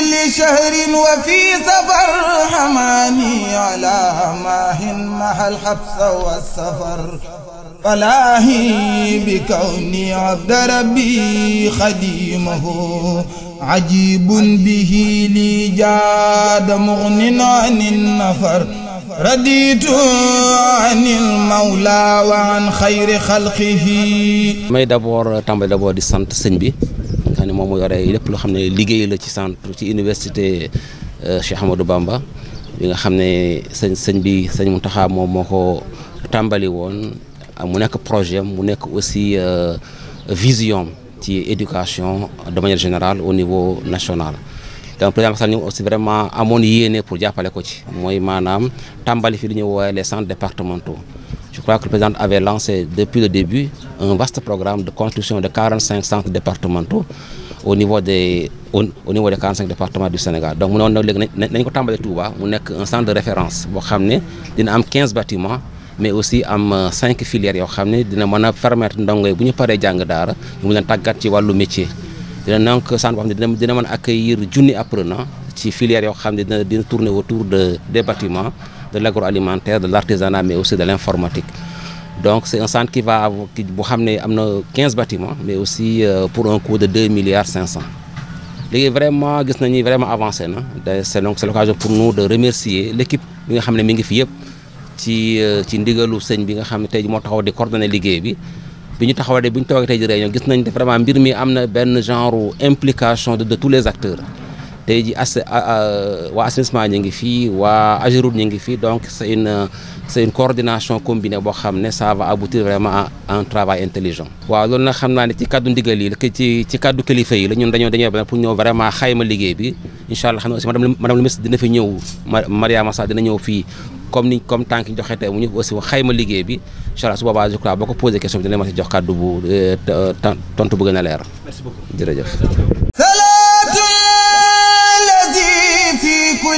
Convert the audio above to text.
كل شهر وفي سفر حماني على ماهن مع الحبس والسفر فلاهي بكوني عبد ربي خديمه عجيب به لي جاد مغن عن النفر رضيت عن المولى وعن خير خلقه may d'abord tàmbali d'abord di sant sëñ bi xamante moom moo yore lépp loo xam ne liggéey la ci centre ci université euh, Cheikh Amadou Bamba bi nga xam ne sëñ sëñ bi sëñ Mountakha moom moo ko tàmbali woon ah, mu nekk projet mu nekk aussi euh, vision ci éducation de manière générale au niveau national donc président Macky Sall ñu aussi vraiment amoon yéene pour jàppale ko ci mooy maanaam tàmbali fi li ñuy woowee les centres départementaux Je crois que le président avait lancé depuis le début un vaste programme de construction de 45 centres départementaux au niveau des au, niveau des 45 départements du Sénégal donc mu noonu nag léegi nañ ko tàmbalee Touba mu nekk un centre de référence boo xam ne dina am 15 bâtiments mais aussi am euh, cinq filières yoo xam ne dina mën a permettre ndongo yi bu ñu paree jàng daara ñu mu leen tàggat ci wàllu métier dina donc centre boo xam ne dina dina mën a accueillir junni apprenant ci filières yoo xam ne dina dina tourner autour de des bâtiments de l'agroalimentaire, de l'artisanat, mais aussi de l'informatique. Donc c'est un centre qui va avoir, qui, bu xam ne am na 15 bâtiments mais aussi euh, pour un coût de 2 milliards 500. léegi vraiment gis nañu vraiment avancé na c'est donc pour nous de remercier bi nga xam ne mi ngi fi yëpp ci euh, ci ndigalu sëñ bi nga xam ne tey moo taxaw di coordonner liggéey bi bi ñu taxawalee bu ñu toogee tey ji réunion gis nañ vraiment mbir mi am na benn genre implication de de tous les acteurs. tey ji as waa assainissement ñu ngi fii waa Ageroute ñu ngi fii donc c' est une c' est une coordination combinée boo xam ne saa va aboutir vraiment en un travail intelligent. waaw loolu na xam naa ne ci kaddu ndigal yi ci ci kaddu kilifa yi la ñun dañoo dañoo pour ñëw vraiment xayma liggéey bi incha allah xam naa aussi madame madame le ministre dina fi ñëw Mariama Sarr dina ñëw fii. comme ni comme tànk ñu joxe tey mu ñu aussi xayma liggéey bi incha allah su boobaa je crois boo ko posé question bi dina euh, euh, a leer. merci beaucoup jërëjëf.